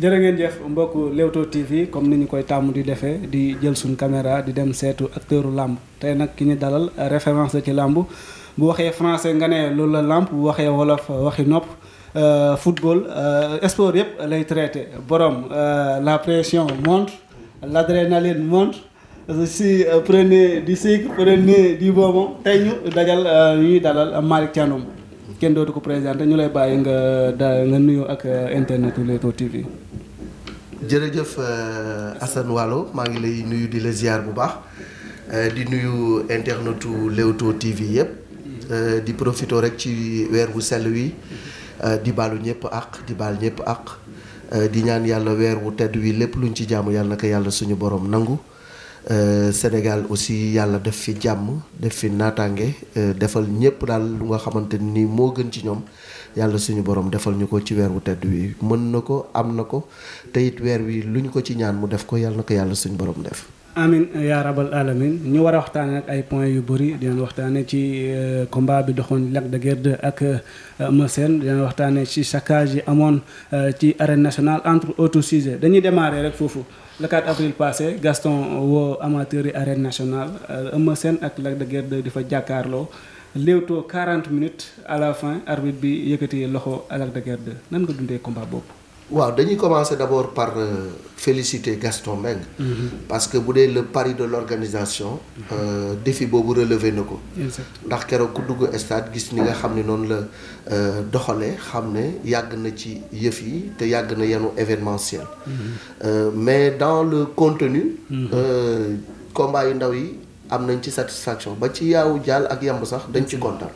jërë ngeen jëf mbokk Leewtoo TV comme ni ñu koy tàmm di defee di jël suñ caméra di dem seetu acteuru làmb tey nag ki ñu dalal référence la ci làmb bu waxee français nga ne loolu la làmb bu waxee wolof waxi nopp euh, football euh, sport yëpp lay traité borom euh, la pression monte l'adrénaline monte si prenez du sucre prenez du bonbon tey ñu dajal ñuy dalal Malick Thiandoum kenn dootu ko présenté ñu lay bàyyi nga da nga nuyoo ak internet Leewtoo TV jërëjëf euh, Assane Waalo maa ngi lay nuyu di la ziar bu baax euh, di nuyu internetu Leewtoo TV yëpp euh, di profito rek ci weer wu sell wi di baalu ñëpp ak di baal ñëpp ak di ñaan yàlla weer wu tedd wi lépp luñ ci jàmm yàlla na yàlla suñu borom nangu Sénégal aussi yàlla def fi jàmm def fi naataange defal ñëpp daal lu nga xamante ni moo gën ci ñoom. yàlla suñu borom defal ñu ko ci weer wu tedd wi mën na ko am na ko te it weer wi lu ñu ko ci ñaan mu def ko yàlla ko yàlla suñu borom def. amin yaa rabal alamin ñu war a waxtaane nag ay points yu bëri dinañ waxtaane ci euh, combat bi doxoon Lac de ak euh, Eumeu seen dinañ waxtaane ci saccage yi amoon euh, ci arène national entre autres sujets dañuy démarrer rek foofu le 4 avril Gaston woo amateurs yi arène national Eumeu seen ak Lac de di fa jàkkaarloo léewtoo 40 minutes à la fin arbitre bi yëkkati loxo Lac de Guiers 2 nan nga dundee combat boobu. waaw dañuy commencer d'abord par euh, féliciter Gaston Mbengue. Mm parce que bu dee le pari de l'organisation. Mm-hmm. Euh, défi boobu relevé na ko. ndax keroog ku dugg stade gis ni nga xam ne noonu la euh, doxale xam ne yàgg na ci yëf yi te yàgg na yenu événementiel. Mm-hmm. Euh, mais dans le contenu. Euh, combat yu ndaw yi. am nañ ci satisfaction ba ci yaawu jaal ak yamb sax dañ ci kontaan.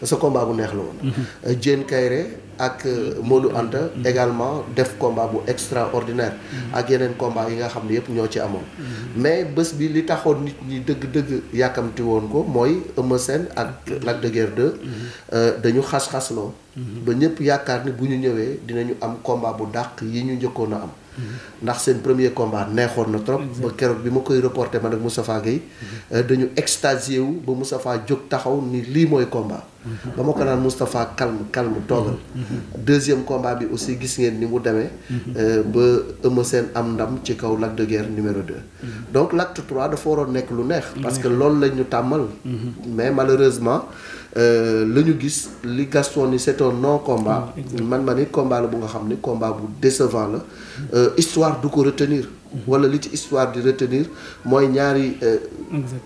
parce que bu neex la woon. Mhm. Euh, Diène Kayré ak euh, mhm. Modou Anta. Mhm. également def combat bu extraordinaire. ak yeneen combat yi nga xam ne yëpp ñoo ci amoon. mais bés bi li taxoon nit ñi dëgg-dëgg yàkkamti woon ko mooy Eumeu Sène ak Lac de Guiers 2. Euh, dañu xas-xasloo. ba ñëpp yaakaar ni bu ñu ñëwee dinañu am combat bu dàq yi ñu njëkkoon a am. ndax seen premier combat neexoon na trop. ba keroog bi ma koy reporté man ak Moustapha Gueye. Mhm. Euh, dañu extasié wu ba Moustapha jóg taxaw ni lii mooy combat. Mhm. ba ma ko naan Moustapha calme calme toogal. Mhm. deuxième combat bi aussi gis ngeen ni mu demee. Euh, ba Eumeu Sène am ndam ci kaw Lac de Guiers numéro 2. donc l'acte trois dafa waroon nekk lu neex. parce que loolu lañ ñu tàmmal. mais malheureusement. Euh, la ñu gis li Gaston ni c'est un non combat ah, man ma ni combat la bu nga xam ni combat bu décevant la euh, histoire du ko retenir wala li ci histoire di retenir mooy ñaari euh,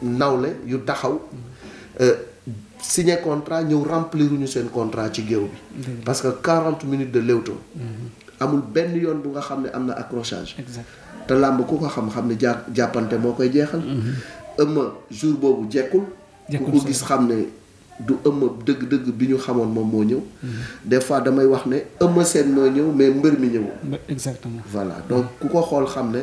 nawle yu taxaw signé contrat ñëw remplir ñu seen contrat ci géew bi parce que quarante minutes de léewtoo mhm. amul benn yoon bu nga xam ne am na accrochage te làmb ku ko xam-xam ne jàppante moo koy jeexal mhm. ëmma jour boobu jekkul ku ko gis xam ne du ëmma dëgg-dëgg bi ñu xamoon moom moo ñëw. Mhm. des fois damay wax ne ëmma seen moo ñëw mais mbër mi ñëw exactement voilà donc ku ko xool xam ne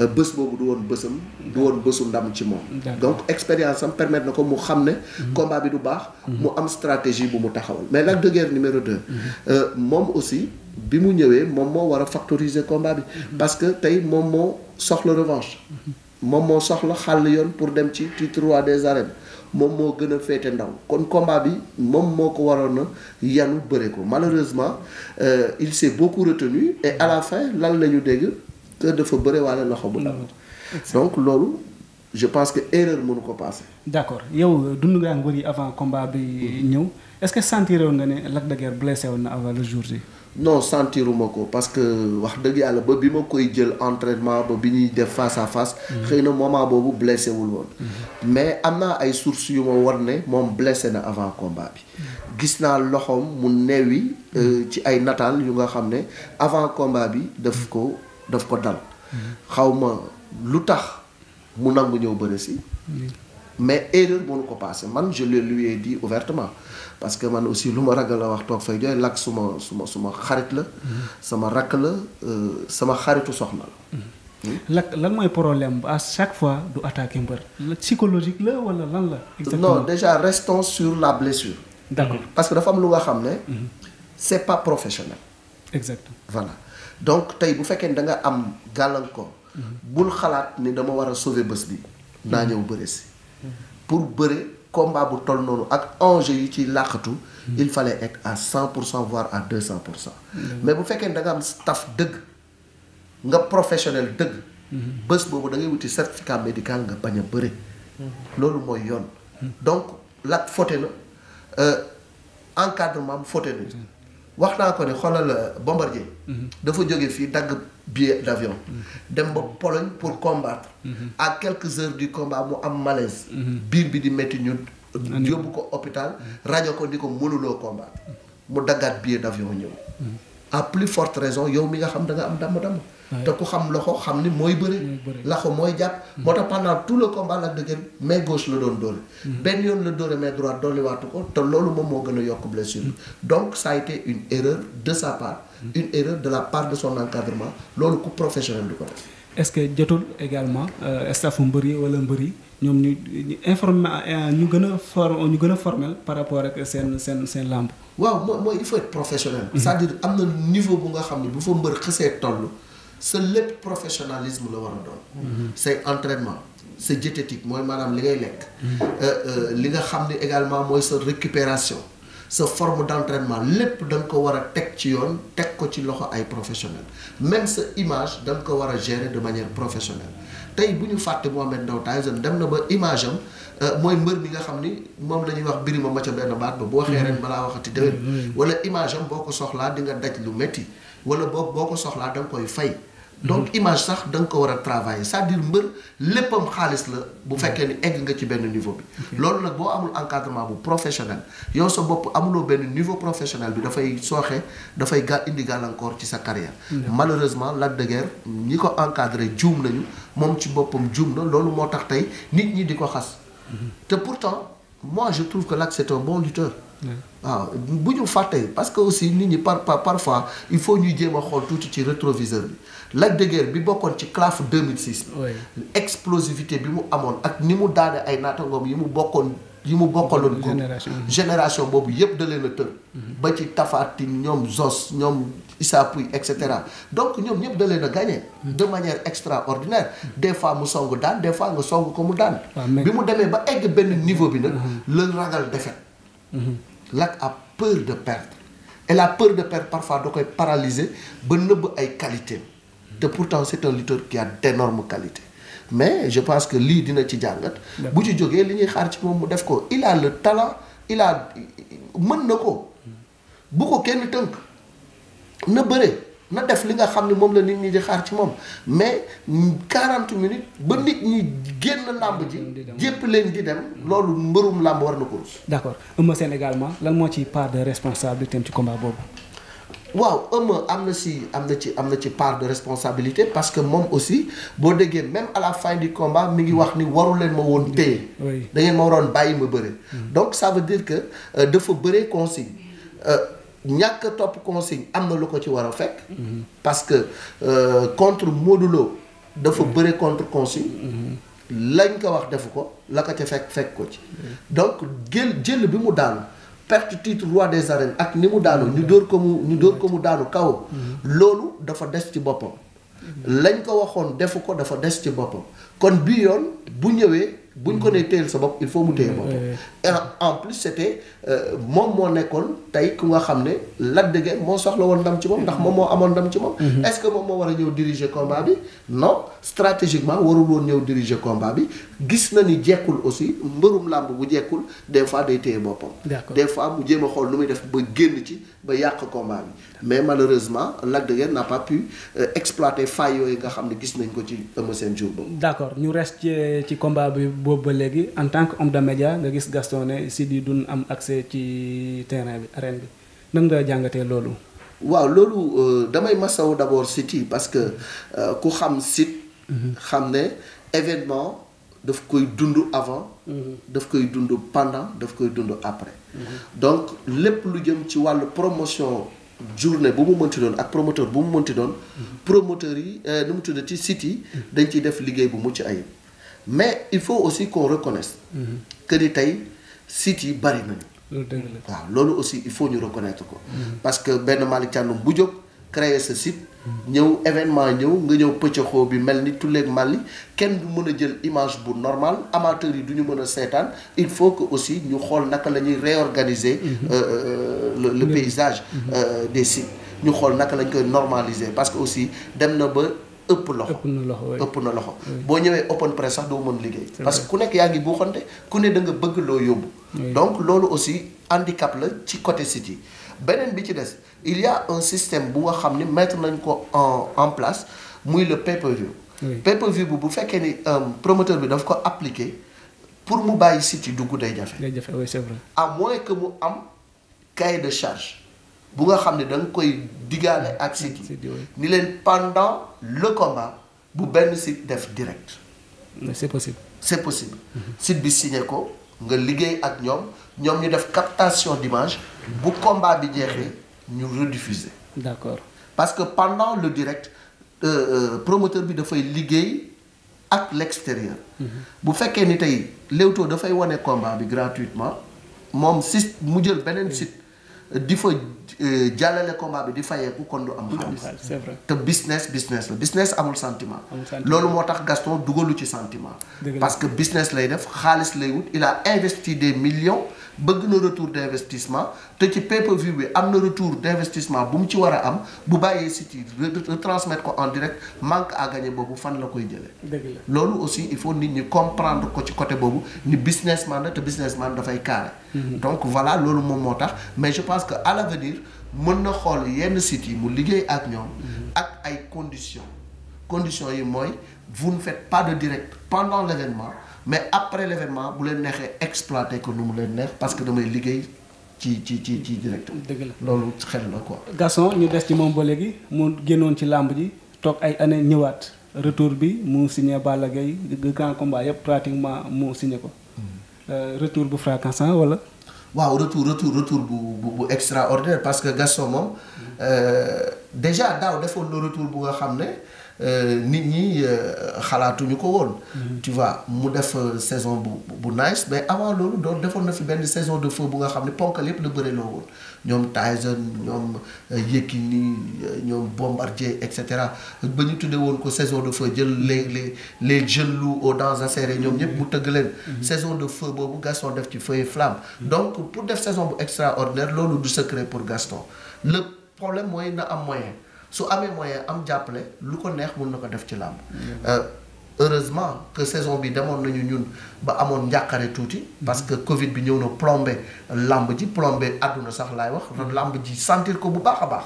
euh, bés boobu du woon bésam. du woon bésu ndam ci moom. donc expérience am permettre na ko mu xam ne. Mhm. combat bi du baax. Mhm. mu am stratégie bu mu taxawal mais Lac de Guiers numéro 2. Euh, moom aussi bi mu ñëwee moom moo war a factoriser combat bi. parce que tey moom moo soxla revanche. moom moo soxla xàll yoon pour dem ci titre roi des arènes. moom moo gën a féete ndaw kon combat bi moom moo ko waroon a yanu bëre ko malheureusement euh, il s'est beaucoup retenu et à la fin lan la ñu dégg que dafa bëre waale loxo bu ndaw donc loolu je pense que erreur mënu ko passé. d'accord yow euh, dund ngaa mbër yi avant combat bi mm-hmm. ñëw est-ce que sentiroon nga ne Lac de Guiers blessé woon na avant le jour ji non sentiruma ko parce que wax dëgg yàlla ba bi ma koy jël entraînement ba bi ñuy def face à face. Mhm. xëy na moment boobu blessé wul woon. Mhm. mais am naa ay sources yu ma war ne moom blessé na avant combat bi. Mhm. gis naa loxoom mu neewi euh, ci ay nataal yu nga xam ne avant combat bi daf ko daf ko dal. xawma lu tax mu nangu ñëw bëre si. mais erreur mënu ko passé man je le lui ai dit ouvertement parce que man aussi lu ma ragal la wax toog fay jooy làkk suma suma xarit la. sama rakk la euh, sama xaritu soxna la. Hmm? lak lan mooy problème à chaque fois du attaquer mbër psychologique la wala lan la. exactement non déjà restons sur la blessure. d'accord hmm. parce que dafa am lu nga xam ne. Hmm. c'est pas professionnel. exactement voilà donc tey bu fekkee ne da nga am gàllankoor. bul xalaat ni dama war a sauver bés bi. naa ñëw bëre si. pour bëre. combat bu toll noonu ak enjeu yi ci làqatu hmm. il fallait être à cent pour cent voire à deux cent pour cent hmm. mais bu fekkee ne da nga am staff dëgg nga professionnel dëgg hmm. bés boobu da ngay wuti certificat médical nga bañ a bëre loolu mooy yoon donc Lac fauté na euh, encadrement am wax naa ko ne xoolal euh, Bombardier dafa jóge fii dagg billet d'avion mm-hmm. dem ba poloñ pour combattre mm-hmm. à quelques heures du combat mu am malaise mm-hmm. biir bi di métti ñu yóbbu ko hôpital rajo ko di ko mënuloo combattre mu daggaat billet d'avion ñëw à plus forte raison yow mi nga xam da nga am damm-damm te ku xam loxo xam ni mooy bëri laxo mooy jàpp mm. moo tax pendant tout le combat Lac de Guiers main gauche la doon dóore mm. benn yoon la dóore main droite dolliwaatu ko te loolu moom moo gën a yokk blessure bi mm. donc ça a une erreur de sa part une erreur de la part de son encadrement loolu ku professionnel du ko def est-ce que jotul également euh, staffu mbër yi wala mbër yi ñoom ñu informé ñu gën a for ñu gën a formel par rapport ak seen seen seen làmb waaw mooy mooy il faut mm-hmm. am na niveau bu nga xam ne bu fa mbër xësee toll sa lépp professionnalisme la war a doon. Mhm. say entraînement sa diététique mooy maanaam li ngay lekk. Mhm. Euh, euh, li nga xam ni également mooy sa récupération sa forme d'entraînement lépp da ko war a teg ci yoon teg ko ci loxo ay professionnel même sa image da ko war a gérer de manière professionnelle tey bu ñu fàtte moom Mohamed Ndao Tyson dem na ba image euh, mooy mbër mi nga xam ni moom la wax birima ma ca benn baat ba boo waxee mhm. ren balaa waxati déwén. wala image am boo soxlaa di nga daj lu métti. wala boo boo ko soxlaa da koy fay. donc mhm. image sax da nga ko war a travailler c'est-à-dire mbër léppam xaalis la bu fekkee ni egg nga ci benn niveau bi loolu nag boo amul encadrement bu professionnel yow sa bopp amuloo benn niveau professionnel bi dafay sooxe dafay ga indi gàllankoor ci sa carrière malheureusement la de Guiers ñi ko encadré juum nañu moom ci boppam juum na loolu moo tax tey nit ñi di ko xas mhm. te pourtant mois je trouve que Lac c'est un bon waaw ah, bu ñu fàtte parce que aussi nit ñi par par parfois il faut ñuy jéem a xool tuuti ci rétroviseur bi Lac de bi bokkoon ci CLAF 2006. explosivité bi mu amoon ak ni mu daane ay naatangoom yi mu bokkoon yi mu bokkaloon. génération génération boobu yëpp da leen a tër. Mhm. ba ci Tafatin ñoom Zos ñoom Issa Pouye et cetera donc ñoom ñëpp da leen a gagné. Mhm. de manière extraordinaire. Mhm. des fois mu song daan des fois nga song ko mu daan. bi mu demee ba egg benn niveau bi nag. la ragal defet Lac ab peur de perdre et la peur de perdre parfois da koy paralyser ba nëbb ay qualité te pourtant c'est un lutteur qui a d'énormes qualités mais je pense que lii dina ci jàngat bu ci jógee li ñuy xaar ci moom mu def ko il a le talent il mën na ko bu ko kenn tënk na bëre na def li nga xam ne moom la nit ñi di xaar ci moom mais quarante minutes ba nit ñi génn làmb ji. jépp leen di dem loolu mbërum làmb war na ko rus. d'accord Eumeu Sène lan moo ci part de responsabilité ci combat boobu. waaw am na si am na ci am na ci part de responsabilité parce que moom aussi boo déggee même à la fin du combat mi ngi wax ni waru leen ma woon téye. da ma waroon bàyyi ma bëre. Mm. donc ça veut que euh, dafa bëree consigne. Euh, ñàkk topp consigne am na lu ko ci war a fekk. parce que euh, contre Modou dafa mm-hmm. bëre contre consigne. Mm-hmm. lañ ko wax defu ko la ko ca fekk fekk ko ci. donc jël jël bi mu daanu perte titre roi des arènes ak ni mu daanu ñu dóor ko mu ñu dóor ko mu daanu kaw. Mm-hmm. loolu dafa des ci boppam. lañ ko waxoon defu ko dafa des ci boppam kon bii yoon bu ñëwee. buñ ko nee téyel sa bopp il faut mu téye boppam. et en plus c'était Euh, moom moo nekkoon tey ku nga xam ne Lac de Guiers moo soxla woon ndam ci moom ndax moom moo amoon ndam ci moom mhm. est-ce que moom moo war a ñëw diriger combat bi non stratégiquement warul woon ñëw diriger combat bi gis na ni jekkul aussi mbërum làmb bu jekkul des fois day téye boppam des fois mu jéem a xool nu muy def ba génn ci ba yàq combat bi mais malheureusement Lac de Guiers n'a pas pu euh, exploiter failles yooyu nga xam ne gis nañ ko ci Eumeu seen jour boobu d'accord ñu reste ci ba léegi en tant que homme de média nga gis ci terrain bi arène bi nan nga jàngatee loolu. waaw loolu euh, damay masawu d'abord site yi parce que euh, ku xam site. Mhm. xam ne événement daf koy dund avant. Mhm. daf koy dund pendant daf koy dund après. Mhm. donc lépp lu jëm ci wàllu promotion journée bu mu mënti doon ak promoteur bu mu mënti doon. promoteur yi euh, nu mu tudd ci site dañ ciy def liggéey bu mucc ayib mais il faut aussi qu'on reconnaisse. que tey site yi bari nañu. loolu waaw loolu aussi il faut ñu reconnaître ko. Mm-hmm. parce que benn Malick bu jóg créer sa site. ñëw événement ñëw nga ñëw pëccëxoo bi mel ni tulleeg màlli kenn du mën a jël image bu normal amateurs yi du ñu mën a seetaan il faut que aussi ñu xool naka la ñuy réorganiser. Mm-hmm. Euh, euh, le le paysage. Mm-hmm. Euh, des sites ñu xool naka lañ koy normaliser parce que aussi dem na ba. ëpp loxo ëpp na loxo boo ñëwee open press sax doo mën liggéey parce que ku nekk yaa ngi buuxante ku ne da nga bëgg loo yóbbu donc loolu aussi handicap la ci côté sit yi beneen bi ci des il y un système bu nga xam ne mettre nañ ko en en place muy le pay-per-view bu bu fekkee ni euh, promoteur bi daf ko appliqué pour mu bàyyi site yi dugg day jafe day jafe oui c'est mu am cahier de charge bu nga xam ne da koy digaale ak site yi ni leen pendant le combat bu benn site def direct mais c'est possible c'est possible mhm. site bi signé ko nga liggéey ak ñoom ñoom ñu def captation d'image bu combat bi jeexee ñu rediffuser d'accord parce que pendant le direct euh, euh promoteur bi dafay liggéey ak l'extérieur mhm. bu fekkee ni tey Leewtoo dafay wane combat bi gratuitement moom site mu jël beneen site di fa euh, jàllale combat bi di fayee fayeeku kon du am xaalis te business business la business amul sentiment loolu moo tax Gaston dugalu ci sentiment parce que business lay def xaalis lay wut il a investi des millions bëgg na retour d' investissement te ci pay-per-view bi am na retour d' investissement bu mu ci war a am bu bàyyee Siteu retransmettre ko en direct manque à gagner boobu fan la koy jëlee. loolu aussi il faut nit ñi comprendre ko ci côté boobu ni businessman la te businessman dafay carré. Mhm. donc voilà loolu moom moo tax mais je pense que à l' avenir mën na xool yenn sites yi mu liggéey ak ñoom. Mhm. ak ay conditions conditions yi mooy vous fet faites pas de direct pendant l' événement. mais après l' événement bu leen neexee exploité ko nu mu leen neex parce que damay liggéey ci ci ci ci direct. dëgg la loolu xel na ko Gaston ñu des ci moom ba léegi mu génnoon ci làmb ji toog ay année ñëwaat retour bi mu signé Balla Gaye grand combat yëpp pratiquement mu signé ko hmm. euh, retour bu fracassant wala. waaw retour retour retour bu bu bu extraordinaire parce que Gaston moom hmm. euh, déjà daaw defoon na retour bu nga xam ne. Euh, nit ñi euh, xalaatuñu ko woon. Mm-hmm. ti vois mu def euh, saison bu bu nice mais avant loolu doon defoon na fi benn saison de feu bu nga xam ne ponkal yépp la bëre loo woon ñoom Tyson ñoom Yékini ñoom Bombardier et cetera ba ñu tuddee woon ko saison de feu jël les les les jeunes loups aux dents acérées ñoom ñëpp mu tëgg leen. Mm-hmm. saison de feu boobu Gaston def ci feu et flamme. Mm-hmm. donc pour def saison bu extraordinaire loolu du secret pour Gaston le problème mooy na am moyen. su amee moyen am jàppale lu ko neex mun na ko def ci làmb mm. euh, heureusement que saison bi demoon nañu ñun ba amoon njàqare tuuti parce que Covid bi ñëw na plombé làmb ji plombé àdduna sax laay wax mm-hmm. làmb ji sentir ko bu baax a baax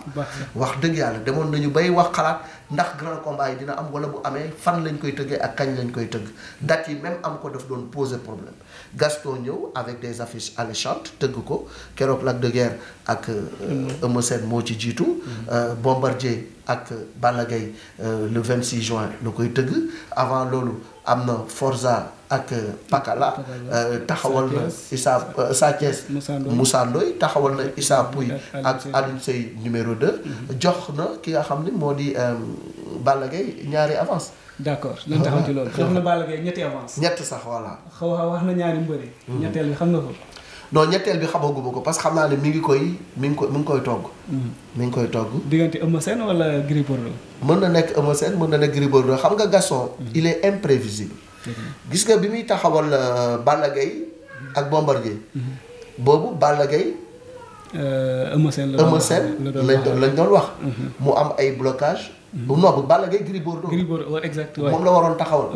wax dëgg yàlla demoon nañu bay wax xalaat ndax grand combat yi dina am wala bu amee fan lañ koy tëggee ak kañ lañ koy tëgg date yi même am ko daf doon poser problème Gaston ñëw avec des affiches alléchantes tëgg ko keroog Lac de Guerre ak euh, mm-hmm. Eumeu Sène moo ci jiitu mm-hmm. euh, Bombardier ak Balla Gaye euh, le 26 juin lu koy tëgg avant loolu am na Forza ak euh, Pakala euh, taxawal na Issa Sa Thiès Moussa taxawal na Issa Pouye ak Alioune Seye numéro de mhm. jox na ki nga xam ne moo di Balla Gaye ñaari avance d' accord lan taxaw ci loolu jox na Balla ñetti avance ñett sax voilà xaw na ñaari mbëri mhm. ñetteel bi xam nga ko non ñetteel bi xamaguma ko parce que xam naa ne mi ngi koy mi ngi koy mi ngi koy togg. Mm. mi ngi koy togg. diggante Eumeu Sène wala Gris Bordeaux. mën na nekk Eumeu Sène mën na nekk Gris Bordeaux xam nga Gaston. Mm. il est imprévisible. Mm-hmm. gis nga bi muy taxawal euh, Balla Gaye ak Bombardier. Mm-hmm. boobu Balla Euh, Eumeu Sène la doon lañ doon wax. Mhm. mu am ay blocage mhm. bu nopp bala Gaye Gris Bordeaux. Gris Bordeaux moom la waroon taxawal.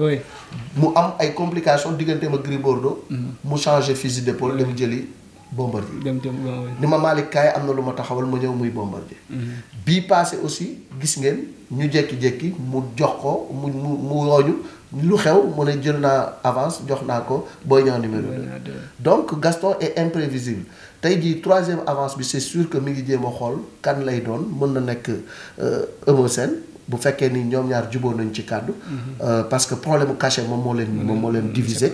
mu am ay complication diggante ma Gris Bordeaux. Mhm. mu changé fusil d'épaule dem jëli Bombardier. dem jëm ni ma Malick Kaye am na lu ma taxawal ma ñëw muy Bombardier. bii passé aussi gis ngeen ñu jékki-jékki mu jox ko mu mu mu wooñu lu xew mu ne jël naa avance jox naa ko Boy Niang numéro 2 donc Gaston et imprévisible tey jii troisième avance bi c'est sûr que mi ngi jéem a xool kan lay doon mën na nekk euh, Eumeu Sène bu fekkee ni ñoom ñaar juboo nañ ci kàddu. Euh, parce que problème mu cachet moom moo leen. moom moo leen divisé.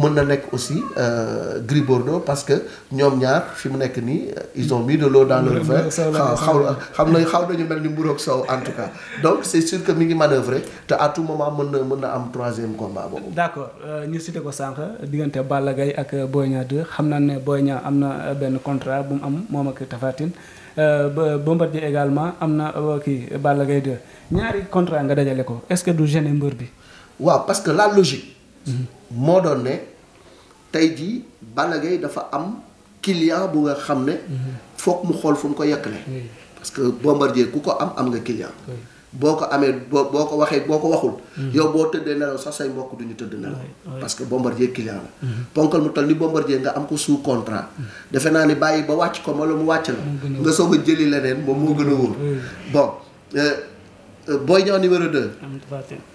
mën na nekk aussi euh, Gris Bordeaux parce que ñoom ñaar fi mu nekk nii euh, ils ont mis de l'eau dans leur vin. xaw xaw xam nañ xaw nañu mel ni mburu ak soow en tout cas donc c'est sûr que mi ngi manœuvrer te à tout moment mën na mën na am troisième combat boobu. d'accord ñu cité ko sànq diggante Balla gay ak Boy Niang 2 xam naa ne Boy Niang am na benn contrat bu mu am moom ak Tapha Tine Bombardier également am na kii Balla Gaye 2. ñaari contrat nga dajale ko est-ce que du gêner mbër bi. waaw parce que la logique. Mhm. moo doon ne tey jii Balla Gaye dafa am client bu nga xam ne. Mhm. foog mu xool fu mu ko yekkale. parce que Bombardier ku ko am am nga client. boo ko amee boo boo ko waxee boo ko waxul. Mhm. yow boo tëddee nelaw sax say mbokk du ñu tëdd nelaw. parce que Bombardier client la. ponkal mu toll ni Bombardier nga am ko sous contrat. defe naa ni bàyyi ba wàcc ko ma la mu wàcc la. nga soog a jëli leneen moom moo gën a wóor bon. Euh, Euh, booy Niang numéro 2.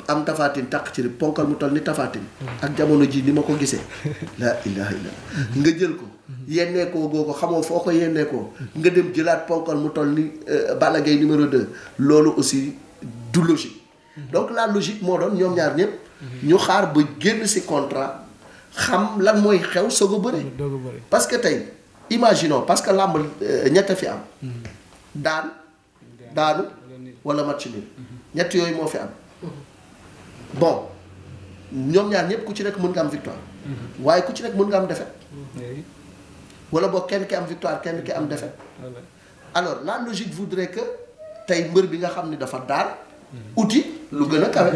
am Tafatin takk ci ponkal mu toll ni Tafatin. ak jamono ji ni ma ko gisee. la ilaha illallah nga jël ko. yenneekoo goo ko xamoo foo ko yenneekoo. nga dem jëlaat ponkal mu toll ni euh, Balla Gaye numéro loolu aussi du logique. donc la logique moo doon ñoom ñaar ñëpp. ñu xaar ba génn si contrat. xam lan mooy xew soog a bëri. parce que tey imaginons parce que làmb euh, ñett fi am. daan hmm. daanu. wala match nul ñett yooyu moo fi am bon ñoom ñaan ñëpp ku ci nekk mën nga am victoire waaye ku ci nekk mën nga am défaite wala boo kenn ki am victoire kenn ki am défaite alors la logique voudrait que tey mbër bi nga xam ni dafa daal uti lu gën a kawe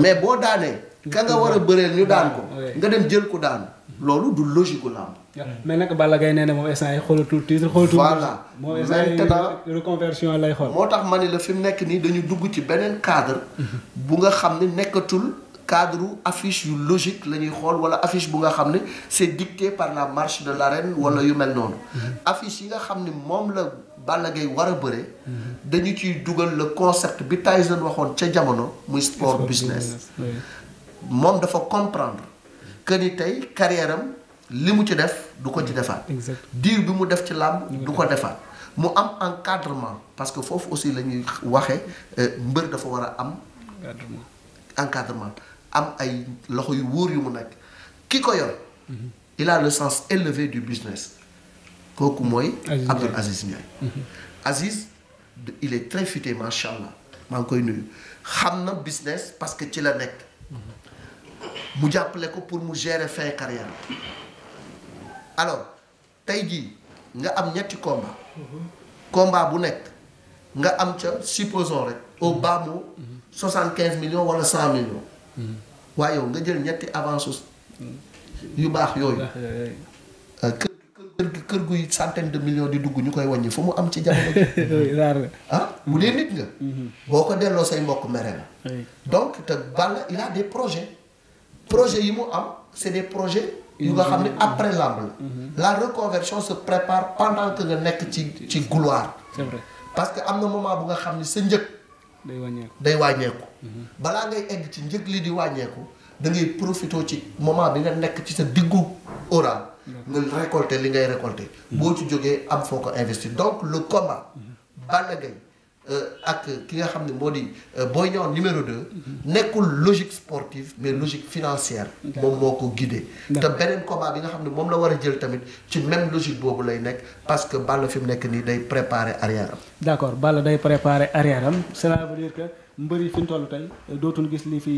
mais boo daanee ka nga war a bëreel ñu daan ko nga dem jël ko daan loolu du logique gu làmb. mais nag Balla Gaye nee na moom instant yii xoolatul titre xoolatul. voilà maintenant reconversion lay xool. moo tax ma ne la fi mu nekk nii dañu dugg ci beneen cadre. nga xam ne nekkatul cadre affiche la ñuy xool wala affiche bu nga xam ne c' est dicté par de l' arène wala yu mel noonu. affiche yi nga xam ne moom la Balla Gaye war a bëre. dañu ciy dugal la concept bi Tyson waxoon ca jamono muy sport business. moom dafa comprendre. que ni tey carrière li mu ci def du ko ci mm-hmm. defaat. diir bi mu def ci làmb mm-hmm. du ko defaat. mu am encadrement parce que foofu aussi la ñuy waxee euh, mbër dafa war a am. encadrement am ay loxo yu wóor yu mu nekk ki ko yor. Mm-hmm. il a le sens élevé du business. kooku mooy. Abdoul Aziz Ndiaye. Aziz il est très futé macha allah maa ngi koy nuyu xam na business parce que ci la nekk. mu jàppale ko pour mu gérer fin carrière alors tey jii nga am ñetti combat combat bu nekk nga am ca supposons rek au bas mot soixante quinze million wala cent millions waaye yow nga jël ñetti avance yu baax yooyu euh, kër kër kër guy centaine de millions di dugg ñu koy wàññi fu mu am ci jamono ji ah bu dee nit nga mm-hmm. boo ko delloo say mbokk mere la donc te Balla il a des projets projet yi mu am c'est des projet yu nga xam ne après lamb mhm. la la reconversion se prépare pendant nga nekk ci ci couloir c'est parce que am na moment bu nga xam ne sa njëg day wàññeeku day wàññeeku mhm. balaa ngay egg ci njëg li di wàññeeku dangay ngay profité ci moment bi nga nekk ci sa diggu oral nga récolter li ngay récolter mhm. boo ci jógee am foo ko investir donc le combat Balla Gaye Euh, ak ki nga xam ne moo di euh, booy Niang numéro 2. Mm-hmm. nekkul logique sportive mais mm-hmm. logique financière. moom moo ko guidé. te beneen combat bi nga xam ne moom la war a jël tamit ci même logique boobu lay nekk parce que Balla fi mu nekk nii day préparer arrière am. d' accord Balla day préparer arrière am cela veut dire que mbëri yi fi ñu toll tey euh, dootul gis li fi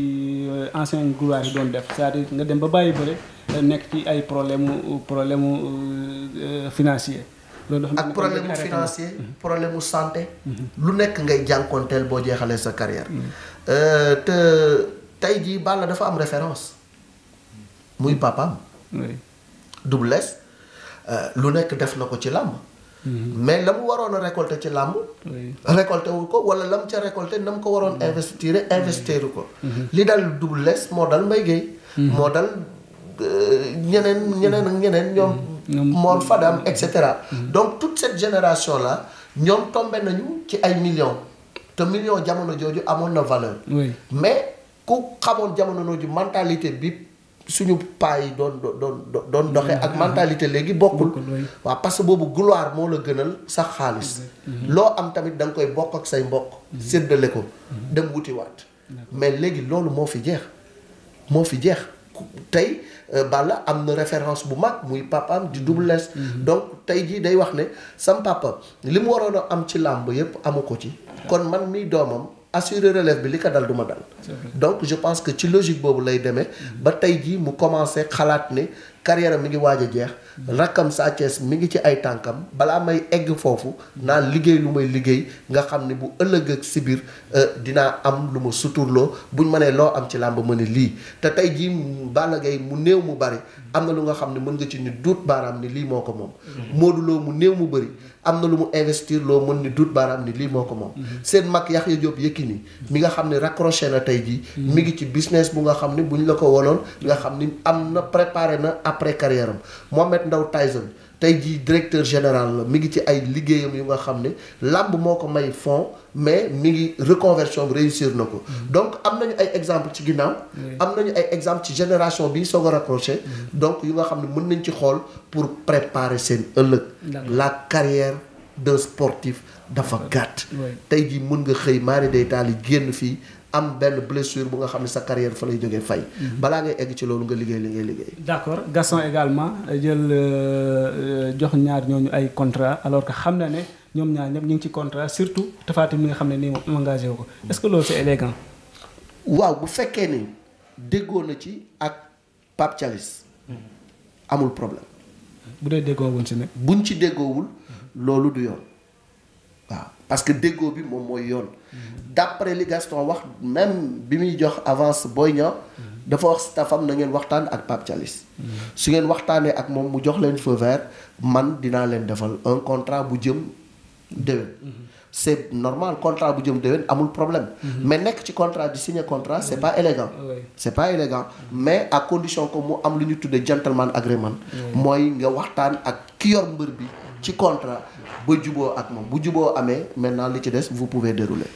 ancien gloire yi doon def saa dire nga dem ba bàyyi bëre nekk ci ay problème mu problème mu financier. ak problème mu financier mhm. problème mu santé mhm. lu nekk ngay jànkoonteel boo jeexalee sa carrière mhm. euh, te tey jii Balla dafa am référence muy papaam Double Less euh, lu nekk def na ko ci làmb mais la mu waroon a récolter ci làmb récolté wu ko wala la mu ca récolté na mu ko waroon investir investiru ko li dal Double moo dal Mbaye Guèye moo dal euh, ñeneen ñeneen ak ñeneen ñoom Mor Fadam et cetera. Mm-hmm. donc toute cette génération la ñoom tombé nañu ci ay millions te millions jamono jooju amoon na valeur. mais ku xamoon jamono ju mentalité bi suñu paa yi doon doon doon doxee ak mm-hmm. mentalité léegi bokkul. waaw parce que boobu gloire moo la gënal sax xaalis. Mm-hmm. loo am tamit da koy bokk ak say mbokk. séddale ko dem wuti waat mais léegi loolu moo fi jeex moo fi jeex tey. Euh, Balla am na référence bu mag muy papaam di Double Less mhm. mhm. donc tey jii day wax ne sam papa li mu waroon a am ci làmb yépp amu ko ci kon man mii doomam assurer relève bi li ko dal duma ma dal donc je pense que ci logique boobu lay demee ba tey jii mu commencé xalaat ne carrière mi ngi waaj a jeex rakkam Sa Thiès mi ngi ci ay tànkam balaa may egg foofu naa liggéey lu may liggéey nga xam ne bu ëllëg ak si biir euh, dinaa am lu ma suturloo buñ ma nee loo am ci làmb ma ne lii te tey jii Balla Gaye mu néew mu bari am na lu nga xam ne mën nga ci ni duut baaraam ni lii moo ko moom mm-hmm. Modou Lo mu néew mu bëri am na lu mu investir loo mën ni dut baaraam ni lii moo ko moom mhm. seen mag Yaxya Jóob Yékini mi nga xam ne raccroché na tey jii mhm. mi ngi ci business bu nga xam ne bu ñu la ko woloon nga xam ni am na préparer na après carrière am ndaw Ndao Tyson tey jii directeur général la mi ngi ci ay liggéeyam yu nga xam ne làmb moo ko may fond mais mi ngi reconversion bi réussir na ko. Mm-hmm. donc am nañu ay exemple ci ginnaaw. am nañu ay exemple ci génération bi soog a raccroché. Mm-hmm. donc yu nga xam ne mën nañ ci xool pour préparer seen ëllëg. la carrière de sportif dafa gàtt. tey jii mun nga xëy maari day taal yi génn fii. am benn blessure bu nga xam ne sa carrière fa lay jógee fay. Mhm. balaa ngay egg ci loolu nga liggéey li ngay liggéey. d' accord Gaston également euh, jël euh, euh, jox ñaar ñooñu ay contrat alors que xam na ne ñoom ñaar ñoom ñu ngi ci contrat surtout Tapha Tine mi nga xam ne nii moom engagé wu ko est ce que loolu c' élégant. waaw bu fekkee ni déggoo na ci ak Pape Thialis. Mhm. amul problème. bu dee déggoo woon si ne. buñ ci déggoowul mhm. loolu du yoon. parce que déggoo bi moom mooy yoon. d'après li Gaston wax même bi muy jox avance booy Niang dafa wax stafam na ngeen waxtaan ak Pape Thialis. su ngeen waxtaanee ak moom mu jox leen feu man dinaa leen defal un contrat bu jëm déwén. c'est normal contrat bu jëm déwén amul problème. mais nekk ci contrat di signer contrat c'est pas élégant. c'est pas élégant mais ak condition ko mu am lu ñu tuddee gentleman agreement. mooy nga waxtaan ak ki yor mbër bi ci contrat. ba juboo ak moom bu juboo amee maintenant li ci des vous pouvez dérouler.